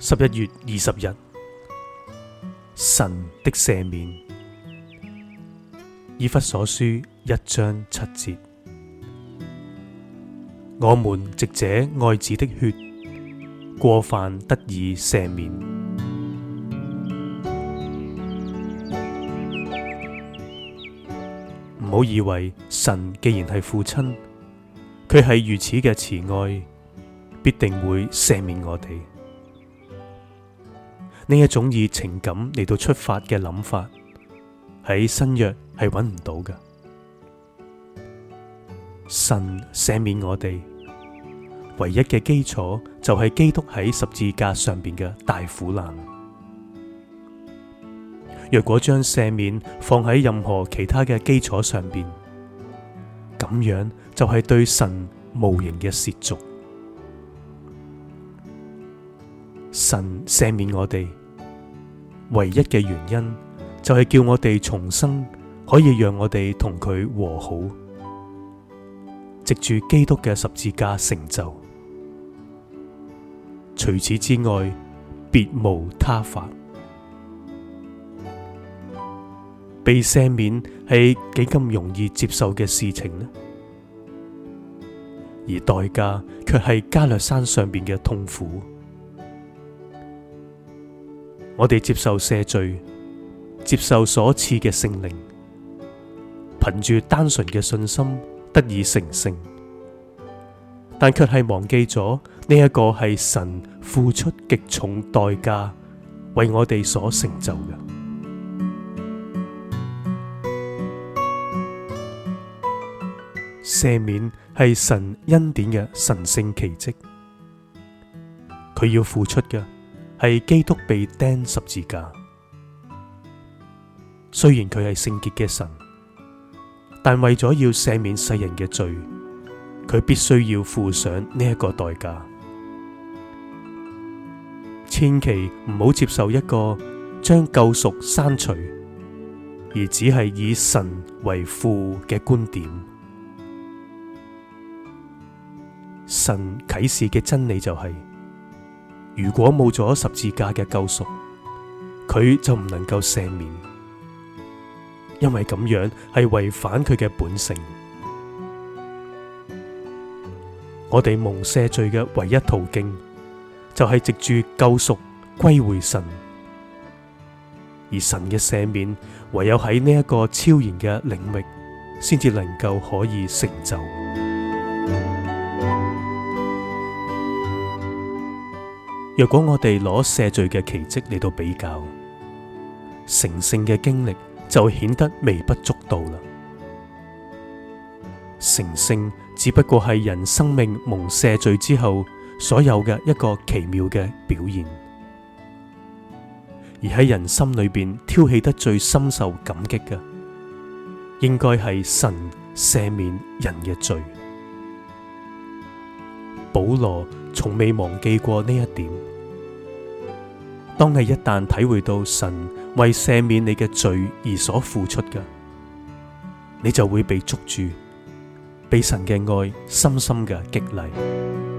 十一月二十日，神的赦免，以弗所書一章七節，我們藉這愛子的血，過犯得以赦免。唔好以為神既然係父親，佢係如此嘅慈愛，必定會赦免我哋。呢一種以情感嚟到出發嘅諗法，喺新約係揾唔到嘅。神赦免我哋，唯一嘅基礎就係基督喺十字架上邊嘅大苦難。若果將赦免放喺任何其他嘅基礎上邊，咁樣就係對神無形嘅褻瀆。神赦免我哋，唯一嘅原因就係叫我哋重生，可以讓我哋同佢和好，藉住基督嘅十字架成就。除此之外，別無他法。被赦免係幾咁容易接受嘅事情呢？而代價卻係加略山上邊嘅痛苦。我哋接受赦罪，接受所賜嘅聖靈，憑住單純嘅信心得以成聖，但卻係忘記咗呢一個係神付出極重代價為我哋所成就嘅赦免，係神恩典嘅神聖奇蹟，佢要付出嘅。係基督被釘十字架，雖然佢係聖潔嘅神，但為咗要赦免世人嘅罪，佢必須要付上呢一個代價。千祈唔好接受一個將救贖刪除，而只係以神為父嘅觀點。神啟示嘅真理就係、是。如果冇咗十字架嘅救贖，佢就唔能夠赦免，因為咁樣係違反佢嘅本性。我哋蒙赦罪嘅唯一途徑，就係、是、藉住救贖歸回神，而神嘅赦免唯有喺呢一個超然嘅領域，先至能夠可以成就。若果我哋攞赦罪嘅奇迹嚟到比較，成聖嘅經歷就顯得微不足道啦。成聖只不過係人生命蒙赦罪之後所有嘅一個奇妙嘅表現，而喺人心裏面挑起得最深受感激嘅，應該係神赦免人嘅罪。保羅從未忘記過呢一點。當你一旦體會到神為赦免你嘅罪而所付出嘅，你就會被捉住，被神嘅愛深深嘅激勵。